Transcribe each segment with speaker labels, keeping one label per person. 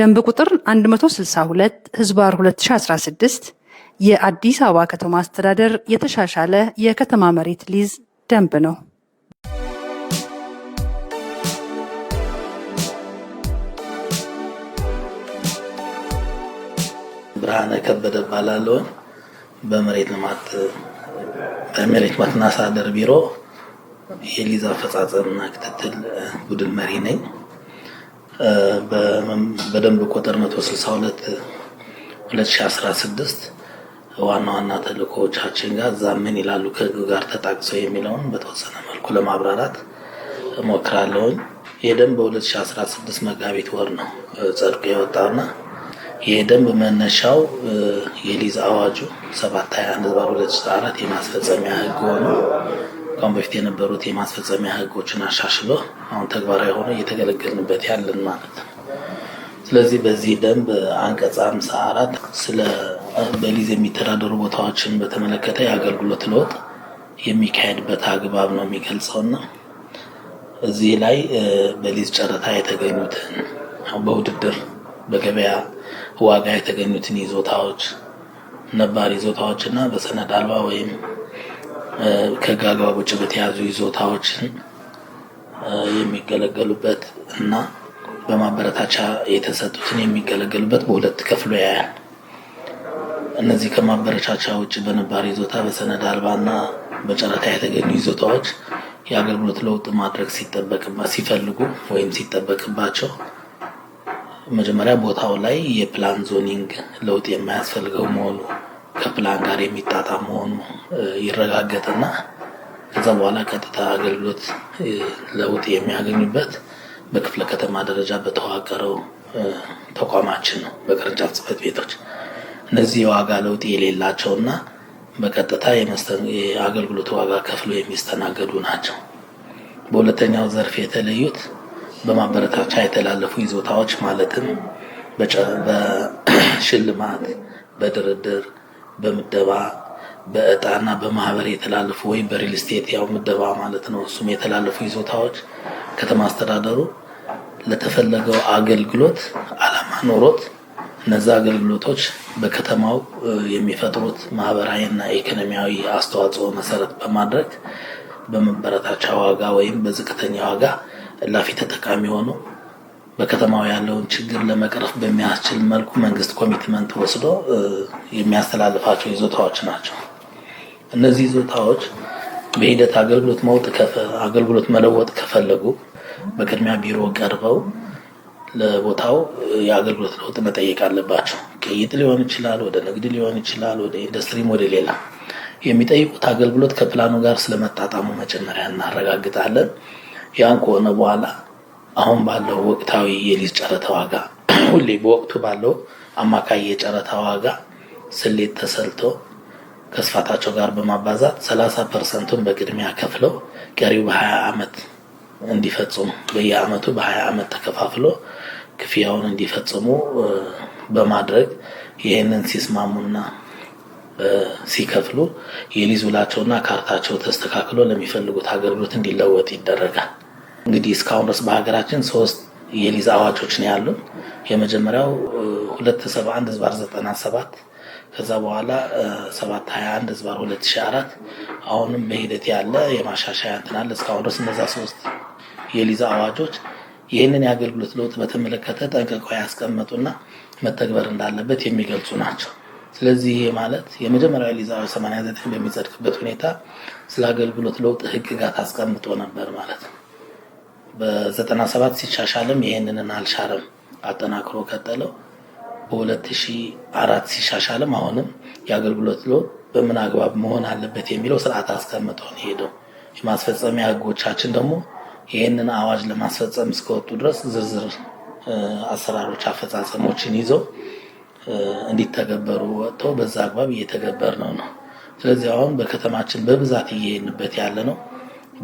Speaker 1: ደንብ ቁጥር 162 ህዝባር 2016 የአዲስ አበባ ከተማ አስተዳደር የተሻሻለ የከተማ መሬት ሊዝ ደንብ ነው።
Speaker 2: ብርሃነ ከበደ እባላለሁ። በመሬት ልማት በመሬት ልማትና አስተዳደር ቢሮ የሊዝ አፈጻጸምና ክትትል ቡድን መሪ ነኝ። በደንብ ቁጥር 162 2016 ዋና ዋና ተልእኮዎቻችን ጋር እዛ ምን ይላሉ ከህግ ጋር ተጣቅሰው የሚለውን በተወሰነ መልኩ ለማብራራት እሞክራለሁኝ። ይህ ደንብ በ2016 መጋቢት ወር ነው ጸድቆ የወጣውና ይህ ደንብ መነሻው የሊዝ አዋጁ 721 2004 የማስፈጸሚያ ህግ ሆነው ከአሁን በፊት የነበሩት የማስፈጸሚያ ህጎችን አሻሽለው አሁን ተግባራዊ ሆነ እየተገለገልንበት ያለን ማለት ነው። ስለዚህ በዚህ ደንብ አንቀጽ አምሳ አራት ስለ በሊዝ የሚተዳደሩ ቦታዎችን በተመለከተ የአገልግሎት ለውጥ የሚካሄድበት አግባብ ነው የሚገልጸውና እዚህ ላይ በሊዝ ጨረታ የተገኙትን በውድድር በገበያ ዋጋ የተገኙትን ይዞታዎች ነባር ይዞታዎችና በሰነድ አልባ ወይም ከህግ አግባብ ውጭ በተያዙ ይዞታዎችን የሚገለገሉበት እና በማበረታቻ የተሰጡትን የሚገለገሉበት በሁለት ከፍሎ ያያል። እነዚህ ከማበረታቻ ውጭ በነባር ይዞታ በሰነድ አልባና በጨረታ የተገኙ ይዞታዎች የአገልግሎት ለውጥ ማድረግ ሲፈልጉ ወይም ሲጠበቅባቸው መጀመሪያ ቦታው ላይ የፕላን ዞኒንግ ለውጥ የማያስፈልገው መሆኑ ከፕላን ጋር የሚጣጣም መሆኑ ይረጋገጥና ከዛ በኋላ ቀጥታ አገልግሎት ለውጥ የሚያገኙበት በክፍለ ከተማ ደረጃ በተዋቀረው ተቋማችን ነው። በቅርንጫፍ ጽፈት ቤቶች እነዚህ የዋጋ ለውጥ የሌላቸው እና በቀጥታ የአገልግሎት ዋጋ ከፍሎ የሚስተናገዱ ናቸው። በሁለተኛው ዘርፍ የተለዩት በማበረታቻ የተላለፉ ይዞታዎች ማለትም በሽልማት፣ በድርድር በምደባ በእጣና በማህበር የተላለፉ ወይም በሪል ስቴት ያው ምደባ ማለት ነው። እሱም የተላለፉ ይዞታዎች ከተማ አስተዳደሩ ለተፈለገው አገልግሎት አላማ ኖሮት እነዛ አገልግሎቶች በከተማው የሚፈጥሩት ማህበራዊና ኢኮኖሚያዊ አስተዋጽኦ መሰረት በማድረግ በመበረታቻ ዋጋ ወይም በዝቅተኛ ዋጋ እላፊ ተጠቃሚ ሆኖ በከተማው ያለውን ችግር ለመቅረፍ በሚያስችል መልኩ መንግስት ኮሚትመንት ወስዶ የሚያስተላልፋቸው ይዞታዎች ናቸው። እነዚህ ይዞታዎች በሂደት አገልግሎት መውጥ አገልግሎት መለወጥ ከፈለጉ በቅድሚያ ቢሮ ቀርበው ለቦታው የአገልግሎት ለውጥ መጠየቅ አለባቸው። ቅይጥ ሊሆን ይችላል፣ ወደ ንግድ ሊሆን ይችላል፣ ወደ ኢንዱስትሪም ወደ ሌላ የሚጠይቁት አገልግሎት ከፕላኑ ጋር ስለመጣጣሙ መጀመሪያ እናረጋግጣለን። ያን ከሆነ በኋላ አሁን ባለው ወቅታዊ የሊዝ ጨረታ ዋጋ ሁሌ በወቅቱ ባለው አማካይ የጨረታ ዋጋ ስሌት ተሰልቶ ከስፋታቸው ጋር በማባዛት 30 ፐርሰንቱን በቅድሚያ ከፍለው ቀሪው በ20 ዓመት እንዲፈጽሙ በየአመቱ በ20 ዓመት ተከፋፍሎ ክፍያውን እንዲፈጽሙ በማድረግ ይህንን ሲስማሙና ሲከፍሉ የሊዝ ውላቸውና ካርታቸው ተስተካክሎ ለሚፈልጉት አገልግሎት እንዲለወጥ ይደረጋል። እንግዲህ እስካሁን ድረስ በሀገራችን ሶስት የሊዝ አዋጆች ነው ያሉን። የመጀመሪያው ሁለት ህዝባር ዘጠና ከዛ በኋላ ሰባት ህዝባር ሁለት አሁንም በሂደት ያለ የማሻሻያ እንትን አለ። እስካሁን ድረስ እነዛ ሶስት የሊዝ አዋጆች ይህንን የአገልግሎት ለውጥ በተመለከተ ጠንቅቀው ያስቀመጡና መተግበር እንዳለበት የሚገልጹ ናቸው። ስለዚህ ይሄ ማለት የመጀመሪያው ሊዝ አዋጅ 89 በሚጸድቅበት ሁኔታ ስለ አገልግሎት ለውጥ ህግጋት አስቀምጦ ነበር ማለት ነው። በ97 ሲሻሻልም ይህንንን አልሻረም፣ አጠናክሮ ቀጠለው። 204 ሲሻሻልም አሁንም የአገልግሎት ሎ በምን አግባብ መሆን አለበት የሚለው ስርዓት አስቀምጠው ሄደው የማስፈጸሚያ ህጎቻችን ደግሞ ይህንን አዋጅ ለማስፈጸም እስከወጡ ድረስ ዝርዝር አሰራሮች፣ አፈጻጸሞችን ይዘው እንዲተገበሩ ወጥተው በዛ አግባብ እየተገበር ነው ነው። ስለዚህ አሁን በከተማችን በብዛት እየሄንበት ያለ ነው።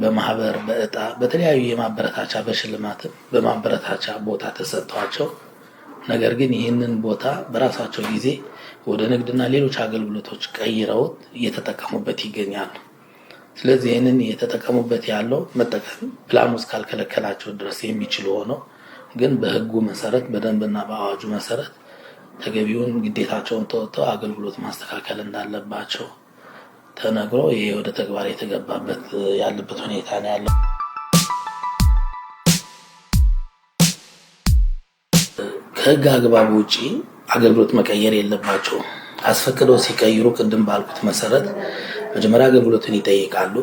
Speaker 2: በማህበር በእጣ በተለያዩ የማበረታቻ በሽልማትም በማበረታቻ ቦታ ተሰጥቷቸው ነገር ግን ይህንን ቦታ በራሳቸው ጊዜ ወደ ንግድና ሌሎች አገልግሎቶች ቀይረውት እየተጠቀሙበት ይገኛሉ። ስለዚህ ይህንን እየተጠቀሙበት ያለው መጠቀም ፕላኑ እስካልከለከላቸው ድረስ የሚችሉ ሆነው ግን በህጉ መሰረት በደንብና በአዋጁ መሰረት ተገቢውን ግዴታቸውን ተወጥተው አገልግሎት ማስተካከል እንዳለባቸው ተነግሮ ይሄ ወደ ተግባር የተገባበት ያለበት ሁኔታ ነው ያለው። ከህግ አግባብ ውጪ አገልግሎት መቀየር የለባቸውም። አስፈቅደው ሲቀይሩ ቅድም ባልኩት መሰረት መጀመሪያ አገልግሎትን ይጠይቃሉ።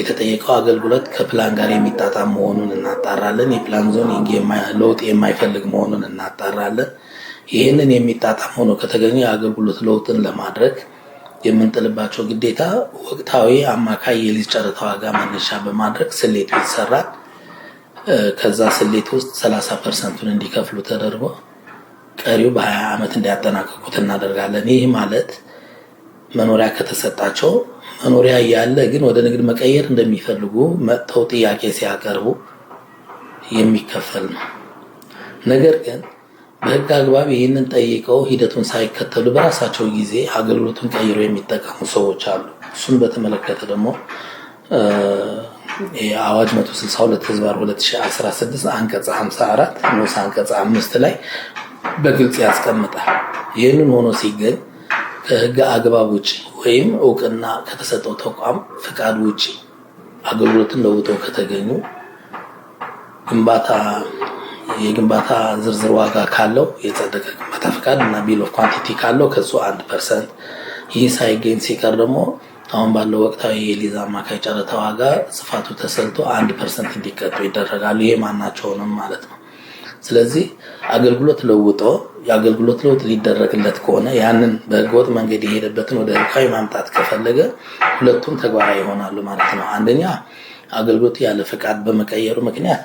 Speaker 2: የተጠየቀው አገልግሎት ከፕላን ጋር የሚጣጣም መሆኑን እናጣራለን። የፕላን ዞን ለውጥ የማይፈልግ መሆኑን እናጣራለን። ይህንን የሚጣጣም ሆኖ ከተገኘ የአገልግሎት ለውጥን ለማድረግ የምንጥልባቸው ግዴታ ወቅታዊ አማካይ የሊዝ ጨረታ ዋጋ መነሻ በማድረግ ስሌቱ ይሰራል። ከዛ ስሌት ውስጥ 30 ፐርሰንቱን እንዲከፍሉ ተደርጎ ቀሪው በ20 ዓመት እንዲያጠናቀቁት እናደርጋለን። ይህ ማለት መኖሪያ ከተሰጣቸው መኖሪያ እያለ ግን ወደ ንግድ መቀየር እንደሚፈልጉ መጥተው ጥያቄ ሲያቀርቡ የሚከፈል ነው። ነገር ግን በህግ አግባብ ይህንን ጠይቀው ሂደቱን ሳይከተሉ በራሳቸው ጊዜ አገልግሎቱን ቀይሮ የሚጠቀሙ ሰዎች አሉ። እሱን በተመለከተ ደግሞ አዋጅ 162 ህዝባር 2016 አንቀጽ 54 ንዑስ አንቀጽ አምስት ላይ በግልጽ ያስቀምጣል። ይህንን ሆኖ ሲገኝ ከህግ አግባብ ውጭ ወይም እውቅና ከተሰጠው ተቋም ፍቃድ ውጭ አገልግሎትን ለውጠው ከተገኙ ግንባታ የግንባታ ዝርዝር ዋጋ ካለው የጸደቀ ግንባታ ፈቃድ እና ቢል ኦፍ ኳንቲቲ ካለው ከሱ አንድ ፐርሰንት። ይህ ሳይገኝ ሲቀር ደግሞ አሁን ባለው ወቅታዊ የሊዝ አማካይ ጨረታ ዋጋ ስፋቱ ተሰልቶ አንድ ፐርሰንት እንዲቀጡ ይደረጋሉ። ይሄ ማናቸውንም ማለት ነው። ስለዚህ አገልግሎት ለውጦ የአገልግሎት ለውጥ ሊደረግለት ከሆነ ያንን በህገወጥ መንገድ የሄደበትን ወደ ህጋዊ ማምጣት ከፈለገ ሁለቱም ተግባራዊ ይሆናሉ ማለት ነው። አንደኛ አገልግሎት ያለ ፈቃድ በመቀየሩ ምክንያት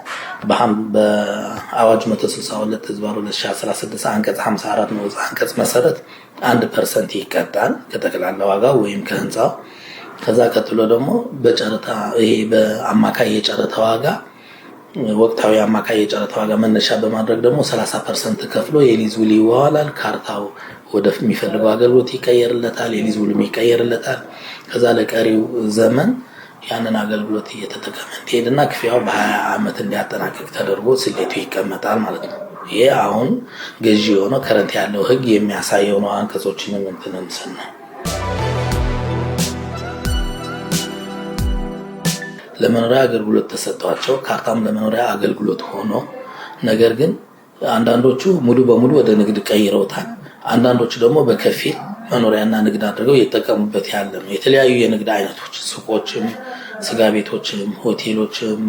Speaker 2: በአዋጅ 162 ህዝባ 2016 አንቀጽ 54 ንዑስ አንቀጽ መሰረት አንድ ፐርሰንት ይቀጣል ከጠቅላላ ዋጋ ወይም ከህንፃው። ከዛ ቀጥሎ ደግሞ በጨረታ ይሄ በአማካይ የጨረታ ዋጋ ወቅታዊ አማካይ የጨረታ ዋጋ መነሻ በማድረግ ደግሞ 30 ፐርሰንት ከፍሎ የሊዝ ውል ይዋዋላል። ካርታው ወደ የሚፈልገው አገልግሎት ይቀየርለታል፣ የሊዝ ውልም ይቀየርለታል። ከዛ ለቀሪው ዘመን ያንን አገልግሎት እየተጠቀመ እንዲሄድና ክፍያው በሀያ ዓመት እንዲያጠናቀቅ ተደርጎ ስሌቱ ይቀመጣል ማለት ነው። ይህ አሁን ገዢ የሆነው ከረንት ያለው ህግ የሚያሳየው ነው። አንቀጾችንም እንትንን ስን ነው ለመኖሪያ አገልግሎት ተሰጥቷቸው ካርታም ለመኖሪያ አገልግሎት ሆኖ ነገር ግን አንዳንዶቹ ሙሉ በሙሉ ወደ ንግድ ቀይረውታል። አንዳንዶቹ ደግሞ በከፊል መኖሪያና ንግድ አድርገው እየተጠቀሙበት ያለ ነው። የተለያዩ የንግድ አይነቶች ሱቆችም ስጋ ቤቶችም፣ ሆቴሎችም፣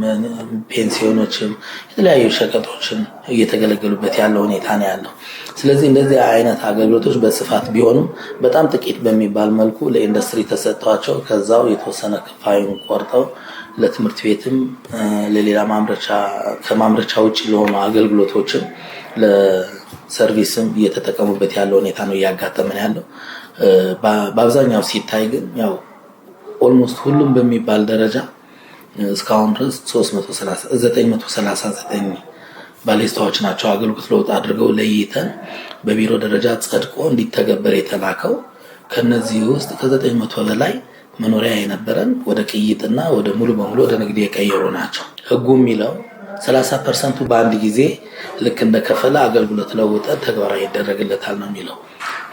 Speaker 2: ፔንሲዮኖችም የተለያዩ ሸቀጦችን እየተገለገሉበት ያለው ሁኔታ ነው ያለው። ስለዚህ እንደዚህ አይነት አገልግሎቶች በስፋት ቢሆኑም በጣም ጥቂት በሚባል መልኩ ለኢንዱስትሪ ተሰጥተዋቸው ከዛው የተወሰነ ክፋዩን ቆርጠው ለትምህርት ቤትም ለሌላ ማምረቻ ከማምረቻ ውጭ ለሆኑ አገልግሎቶችም ለሰርቪስም እየተጠቀሙበት ያለው ሁኔታ ነው እያጋጠመን ያለው። በአብዛኛው ሲታይ ግን ያው ኦልሞስት ሁሉም በሚባል ደረጃ እስካሁን ድረስ 939 ባሌስታዎች ናቸው አገልግሎት ለውጥ አድርገው ለይተን በቢሮ ደረጃ ጸድቆ እንዲተገበር የተላከው። ከነዚህ ውስጥ ከዘጠኝ መቶ በላይ መኖሪያ የነበረን ወደ ቅይጥና ወደ ሙሉ በሙሉ ወደ ንግድ የቀየሩ ናቸው። ህጉ የሚለው 30 ፐርሰንቱ በአንድ ጊዜ ልክ እንደ ከፈለ አገልግሎት ለውጠ ተግባራዊ ይደረግለታል ነው የሚለው።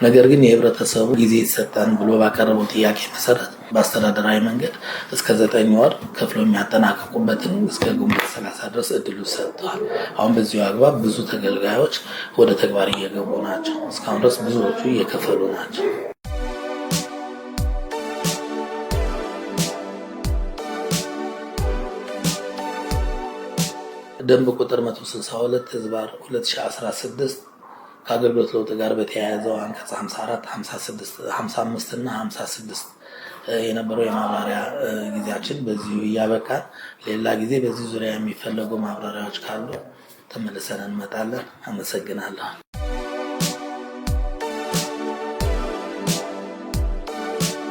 Speaker 2: ነገር ግን የህብረተሰቡ ጊዜ ይሰጠን ብሎ ባቀረበው ጥያቄ መሰረት በአስተዳደራዊ መንገድ እስከ ዘጠኝ ወር ከፍሎ የሚያጠናቀቁበትን እስከ ግንቦት ሰላሳ ድረስ እድሉ ሰጥተዋል። አሁን በዚሁ አግባብ ብዙ ተገልጋዮች ወደ ተግባር እየገቡ ናቸው። እስካሁን ድረስ ብዙዎቹ እየከፈሉ ናቸው።
Speaker 1: ደንብ ቁጥር 162 ህዝባር 2016 ከአገልግሎት ለውጥ ጋር በተያያዘው አንቀጽ 54፣ 56፣ 55 እና 56 የነበረው የማብራሪያ ጊዜያችን በዚሁ እያበቃል። ሌላ ጊዜ በዚህ ዙሪያ የሚፈለጉ ማብራሪያዎች ካሉ ተመልሰን እንመጣለን። አመሰግናለሁ።